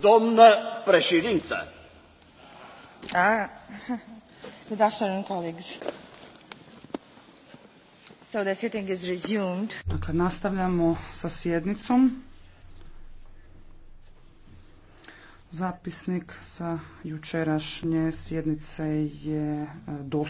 Doamnă președintă! Ah. Good afternoon, colleagues. So the sitting is resumed. Dakle, nastavljamo sa sjednicom. Zapisnik sa jučerašnje sjednice je e, dostupan.